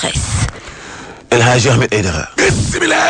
presse. El Hadj Ahmed Aïdara. bismillah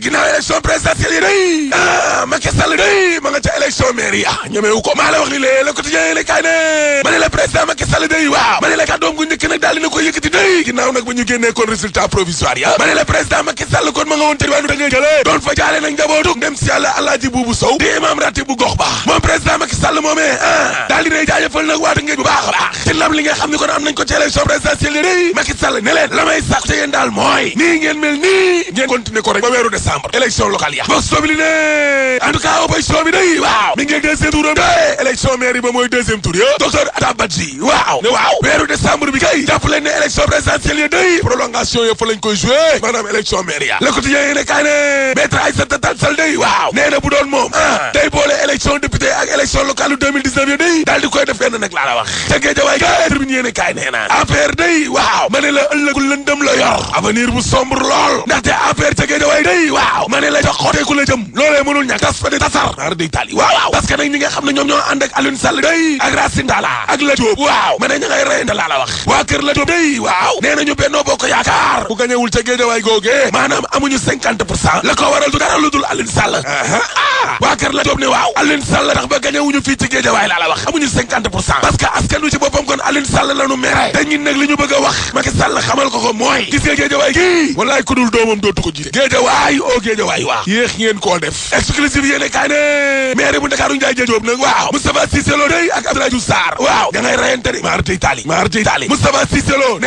ginnaaw élection présidentielle yi day ah Macky Sall day ma nga ca élection mairie ah ñemewu ko maa wax ni lee Le Quotidien le kaay ne ma ne la président Macky Sall day waaw ma ne la kàddoom gu njëkk nag daal dina ko yëkkati day ginnaaw nag ba ñu génnee kon résultat provisoire ya ma ne la président Macky Sall kon woon ca diwaanu Tëngéej jëlee doon fa jaale nag njabootu ndem si yàlla alaaji buubu sow di imaam rati bu gox baax moom président Macky Sall moomee ah daal di ne jaajëfal nag waa bu baax a baax te lam li nga xam kon am nañ ko ci élection présidentielle yi Macky Sall ne leen la may sàkku ca yéen daal mooy nii ngeen mel nii ngeen continuer ko rek ba weeru décembre élection locale ya box sobi li ne en tout cas opposition bi waaw mi ngi deuxième tour de élection maire ba mooy deuxième tour yo docteur Atta Badji waaw waaw weeru décembre bi kay jàpp leen ne élection présidentielle yi day prolongation yo fa lañ koy joué maanaam élection maire ya le quotidien ne kaa ne maître Aïssata Tall Sall day waaw nee na bu doon moom ah, ah. boole élection député ak élection locale 2019 yo day daal di koy def kenn nag laa la wax ca Guédiawaye kay tribune yéene kaay nee waaw ma ne la ëllëgu lëndëm la yor avenir bu sombre lool ndaxte APR ca Guédiawaye day waaw ma ne la jox xooteeku la jëm loolee mënul ñàkk tas waa yi waaw waaw nag ñi nga xam ne ñoom ñoo ànd ak Alioune Sall day ak Racine ak la Diop waaw ma ne ña ngay reyante laa la wax waa kër la Diop day waaw nee nañu Benno Bokk Yaakaar bu gañewul ca Guédiawaye googee maanaam amuñu cinquante la ko waral du dara lu dul Alioune Sall ah waa kër la Diop ne waaw Alioune Sall tax ba gañewuñu fii ci Guédiawaye laa la wax amuñu cinquante pour cent parce que askan wi ci boppam kon Alioune Sall lañu mere te ñun nag li ñu bëgg a wax Macky Sall xamal ko ko mooy gis nga Guédiawaye gii wallaay ku dul doomam oh koo def maire bu Ndakaaru Ndiaye Diop nag waaw Moustapha Cissé Lo day ak Abdoulaye Diouf Sarr waaw da ngay rayante de maar tey taali maar tey taali Moustapha Cissé Lo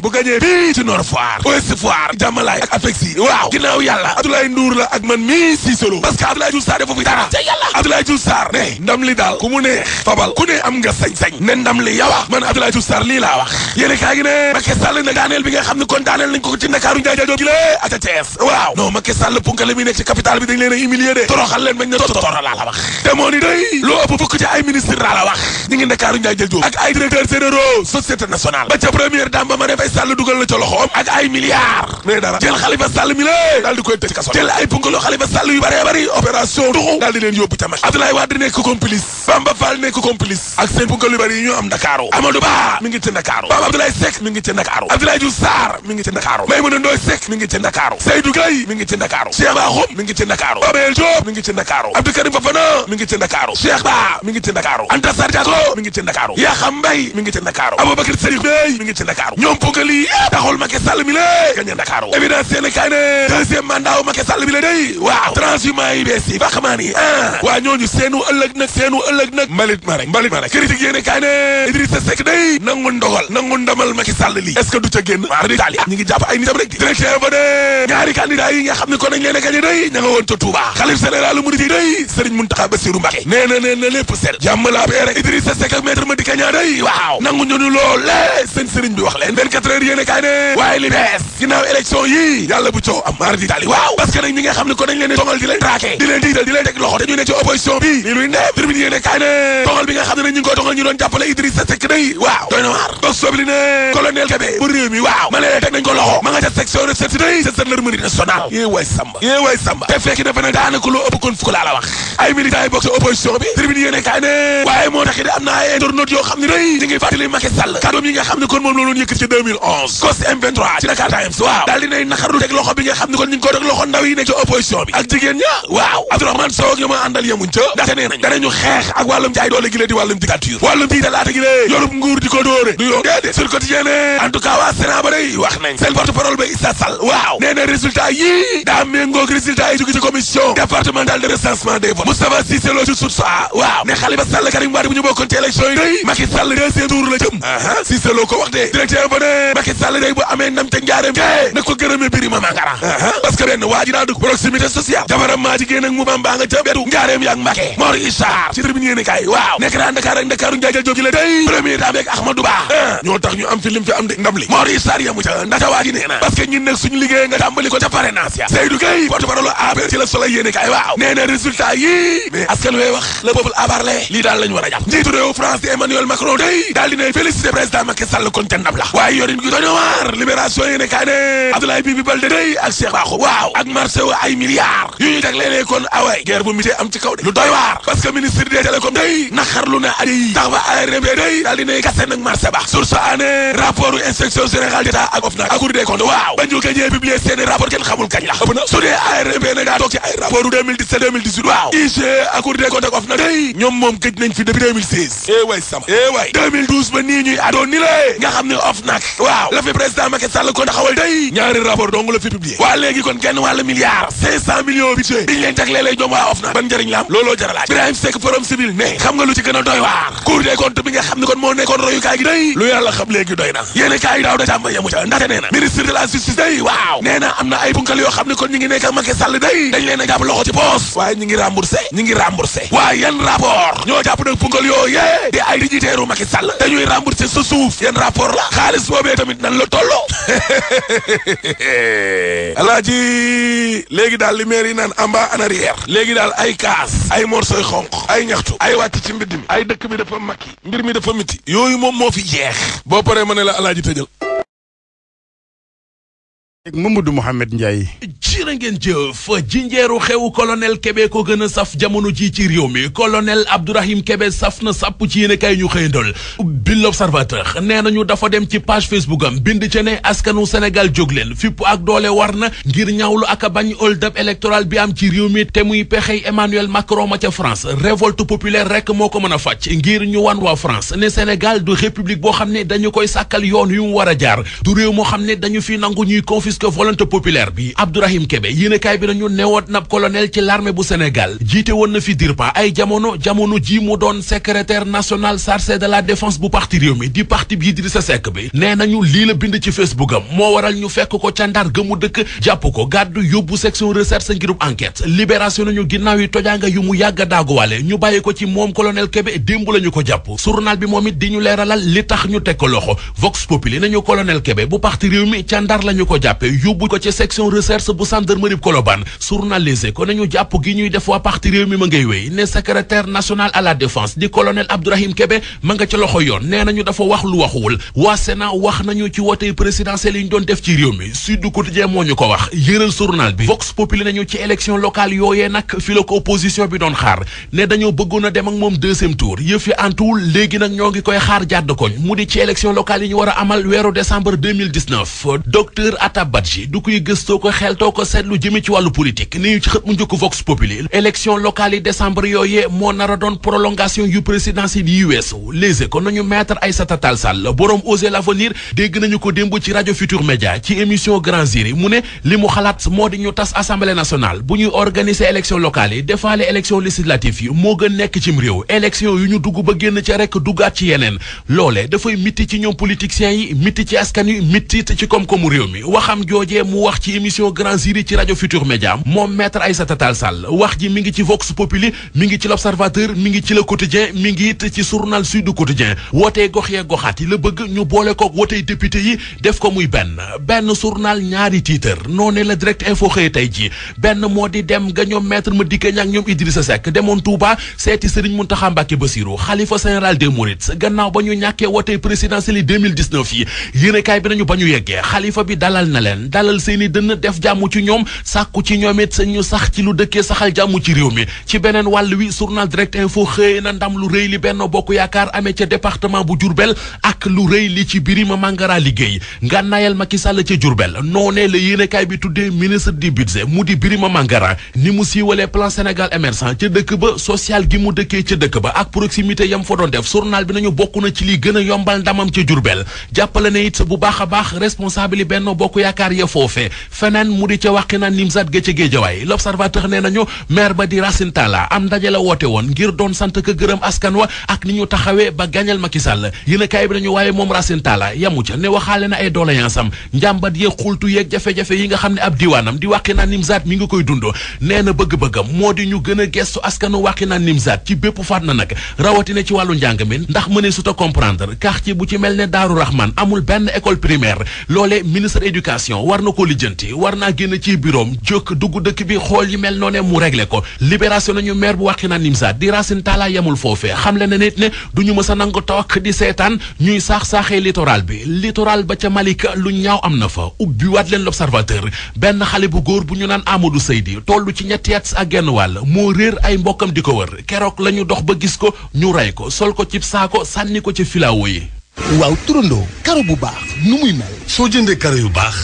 bu gañee bii ci Nord Foire Ouest Foire Jàmmalaay ak Apexi waaw ginnaaw yàlla Abdoulaye Ndour la ak man mii Cissé Lo parce que Abdoulaye Diouf fi dara ca yàlla Abdoulaye Diouf Sarr ne ndam li daal ku mu neex fabal ku ne am nga sañ-sañ ne ndam li yawa ah. man Abdoulaye Diouf Sarr laa wax yéene kaa gi ne Macky Sall na daaneel bi nga xam ne kon daaneel nañ ko ci Ndakaaru njaajaajoo gi a ata TF waaw non Macky Sall punkale mi nekk ci capital bi dañ leen a humilier de toroxal leen bañ na totora laa la wax demoon ni day loo ëpp fukk ci ay ministre laa la wax ñi ngi Ndakaaru njaajal joo ak ay directeurs généraux société nationale ba mi lée daal di koy tëj kaso jël ay punkaloo Khalifa Sall yu bëree bëri SMS Abdoulaye Wade nekk complice Bamba Fall nekk complice ak seen bu lu bari yi Ndakaaru Amadou Ba mi ngi ci Ndakaaru Baba Abdoulaye Seck Ndakaaru Abdoulaye Diouf Sarr Ndakaaru Maïmouna Ndoye Seck mi Ndakaaru Anta Sarr Diago mi Ndakaaru Yakham Mbaye mi ngi Ndakaaru Aboubacar Sadiq Bey mi ngi ci Ndakaaru ñoom ponkali taxul Macky Sall yi bees yi baxamaan yi ah waa ñooñu seenu ëllëg nag seenu ëllëg nag mbalit ma rek mbalit ma rek critique yéene kaay ne Idrissa Seck day nangu ndogal nangu ndamal Macky Sall lii est-ce que du ah, rek di directeur ba ne ñaari a di day day waaw nangu ñunu loolee seen Serigne bi yàlla bu coow am maar di taali waaw parce que nag ñi xam ne ko nañ leen a di leen traqué di leen diidal di leen teg loxo dañu ne ci opposition bi lii luy ndee tribune yéene kaay ne doxal bi nga xam ne ñu ngi koy doxal ñu doon jàppale Idrissa Seck day waaw doy na waar bos sobli réew mi waaw ma teg nañ ko loxo ma nga ca section recherche day ca gendarmerie nationale yée waay samba yée waay samba te fekk dafa nag daanaka loo ëpp kon laa la wax ay militants yi bokk ci bi tribune yéene kaay ne waaye moo tax it am na ay yoo xam ne day ñu nga xam ne yemuñ ca ndaxte nee nañu danañu xeex ak wàllum jaay doole gi la di wàllum dictature wàllum tii dalaata gi lée yorub nguur di ko dóore du yoon déedéet sur quotidien ne en tout cas waa Sénat ba day wax nañ seen porte parole ba Issa Sall waaw nee na résultat yii daa méngoog résultat yi jóge ci commission départementale de recensement des votes Moustapha Cissé Lo ci sut sa waaw ne Khalifa Sall Karim Wade bu ñu bokkoon ci élection yi day Macky Sall deuxième tour la jëm aa Cissé Lo ko wax de directeur ba ne Macky Sall day bu amee ndam ca njaareem ke na ko gërëmee Birima Mangara parce que benn waa ji naa dugg proximité sociale jabaram maa jigéen ak mu bambaa nga ca betu njaareem bi ak Mbacké Mor Issa ci tribune yéene kaay waaw nekk naa Dakar ak Dakaru njaajal jógi la day premier temps beeg Ahmadou Ba ñoo tax ñu am fi lim fi am di ndam li Mor Issa yamu ca ndax waa ji nee na parce que ñun nag suñu liggéey nga tàmbali ko ca parrainage ya Seydou Gueye porte-parole APR ci la Soleil yéene kaay waaw nee na résultat yi mais askan wee wax le peuple abarle lii daal la ñu war a njiitu réew France di Emmanuel day daal ne Abdoulaye taxaw de lu doy waar parce que ministre des télécom day naxarlu na aji yi tax ba ARMP day daal dinay gase marché ba source année rapport inspection générale d'État ak ak Cour des comptes waaw ba ñu gëjee publier seeni rapport kenn xamul kañ la ëpp dee ARMP nag daa toog ci ay rapport 2017 2018 waaw IG ak Cour des ak OFNAC day ñoom moom gëj nañ fi depuis 2016 eh way sam eh way 2012 ba nii ñuy adoon ni lée nga am looloo jaralaaj Birahim Seck forum civil ne xam nga lu ci gën a doy waar Cour des comptes bi nga xam ne kon moo nekkoon royukaay gi day lu yàlla xam léegi doy na yéene kaay daaw da jàmba yamu ca ndaxte nee ministre de la justice day waaw nee am na ay punkal yoo xam ne kon ñi ngi nekk ak Macky Sall day dañ a jàpp loxo ci poos waaye ñi ngi remboursé ñi ngi remboursé waaye yan rapport ñoo jàpp nag punkal yoo yee di ay digiteeru Macky Sall dañuy remboursé sa suuf yan li yi naan amba en arrière léegi daal kaas ay morsoy xonq ay ñaxtu ay wàcc ci mbidd mi ay dëkk bi dafa makki mbir mi dafa miti yooyu moom moo fi jeex boo paree ma ne la alaaji tëjal Mamadou Mouhamed Ndiaye jërë ngeen jëf jinjeeru xewu colonel Kébé ko gën a saf jamono ji ci réew mi colonel Abdourahim Kébé saf na sàpp ci yéen kay ñu xëyndal bi l'observateur nee nañu dafa dem ci page Facebook am bind ci ne askanu Sénégal jóg leen fipp ak doole war na ngir ñaawlu ak a bañ hold up bi am ci réew mi te muy pexey Emmanuel Macron ma ca France révolte populaire rek moo ko mën a fàcc ngir ñu wan waa France ne Sénégal du république boo xam ne dañu koy sàkkal yoon yu mu a jaar risque volonté populaire bi Abdourahim Kébé yéenekaay bi nañu newoon nab colonel ci l'armée bu Sénégal jiite woon na fi DIRPA ay jamono jamono ji mu doon secrétaire national chargé de la défense bu parti réew mi di parti bi Idrissa Seck bi nee nañu lii la bind ci Facebook am moo waral ñu fekk ko ca Ndar ga mu dëkk jàpp ko gàddu yóbbu section recherche ngirub enquête libération nañu ginnaaw yi tojaanga yi mu yàgg a ñu bàyyi ko ci moom colonel Kébé démb la ñu ko jàpp journal bi moom it di ñu leeralal li tax ñu teg ko loxo Vox Populi nañu colonel Kébé bu parti réew mi ca Ndar la ko jàpp jàppe yóbbu ko ci section recherche bu gendarmerie Colobane journalisé ko nañu jàpp gi ñuy def waa parti réew mi ma ngay wéy ne secrétaire national à la défense di colonel Abdourahim Kébé ma nga ci loxo yoon nee nañu dafa wax lu waxuwul waa Sénat wax nañu ci wootey présidentielle yi ñu doon def ci réew mi Sud Quotidien moo ñu ko wax yëral journal bi Vox Populi nañu ci élection locale yooyee nag fi la ko opposition bi doon xaar ne dañoo bëggoon a dem ak moom Badji du koy gëstoo ko xeltoo ko seetlu jëmee ci wàllu politique ni ñu ci xët mu njëkk vox populi élection locale yi décembre yooyee moo nar a doon prolongation yu présidentielle yi weesu les éco nañu maître Aïssata Tall Sall borom oser l'avenir dégg nañu ko démb ci rajo Futur Média ci émission Grand Jury mu ne li mu xalaat moo di ñu tas assemblée nationale bu ñuy organiser élection locale yi defaale élection législative yi moo gën nekk cim réew élection yu ñu dugg ba génn rek duggaat ci yeneen loolee dafay mitti ci ñoom politiciens yi mitti ci askan yi mitti ci koom-koomu réew mi waxam joojee mu wax ci émission Grand Jury ci rajo Futur Média moom maître Aïssata Tall Sall wax ji mi ngi ci Vox Populi mi ngi ci l'Observateur mi ngi ci Le Quotidien mi ngi it ci journal Sud Quotidien wootee gox yee yi la bëgg ñu boole koog wootey député yi def ko muy benn benn journal ñaari tiitër noo la direct info xëy tey ji benn moo di dem ga ñoom ma Madické Niang ñoom Idrissa Seck demoon Touba seeti Serigne Mountakha Mbacké Bassirou xalifa général des Mourides ba ñu ñàkkee wootey présidentielle yi 2019 ba ñu yeggee xalifa bi dalal leen dalal seeni dënn def jàmm ci ñoom sàkku ci ñoom it sañ ñu sax ci lu dëkkee saxal jàmm ci réew mi ci beneen wàll wi journal direct foo xëy na ndam lu rëy li benn bokk yaakaar amee ca département bu Diourbel ak lu rëy li ci Birima Mangara liggéey ngànnaayal Macky la ca Diourbel noonee la yéenekaay bi tuddee ministre di budget mu di Birima Mangara ni mu siiwalee plan Sénégal émergent ca dëkk ba social gi mu dëkkee ca dëkk ba ak proximité yam fa doon def journal bi nañu bokk na ci li gën a yombal ndamam ca Diourbel jàppale ne baax a baax responsable yaakaar ya foofee feneen mu di ca wàqi naan nimsaat ga ca géejawaay l'observateur nee nañu maire ba di Racine Talla am ndaje woote woon ngir doon sant ka askan wa ak ni ñu taxawee ba gàñal Macky Sall yéen kaay bi nañu waaye moom Racine Talla yamu ca ne waxaale na ay doléance am njàmbat yeeg xultu yeeg jafe-jafe yi nga xam ne ab diwaanam di wàqi naan nimsaat mi ngi koy dund nee na bëgg-bëggam moo di ñu gën a gestu askanu wàqi naan nimsaat ci bépp faat na nag rawatina ci wàllu njàng mi ndax mëne suta comprendre quartier bu ci mel ne Daaru Rahman amul benn école primaire libération war na ko lijjanti war naa génn ci bureau jóg dugg dëkk bi xool yi mel noonee mu réglé ko libération nañu maire bu Wakhinane Nimzatt di Racine Talla yemul foofee xam le na nit ne du ñu mës a nangu toog di seetaan ñuy saax-saaxee littoral bi littoral ba ca Malika lu ñaaw am na fa ubbi waat leen l'observateur benn xale bu góor bu ñu naan Amadou Seydi tollu ci ñetti at ak genn wàll moo réer ay mbokkam di ko war keroog la ñu dox ba gis ko ñu rey ko sol ko cib saako sànni ko ci filaawo yi waaw turandoo karo bu baax nu muy mel soo jëndee karo yu baax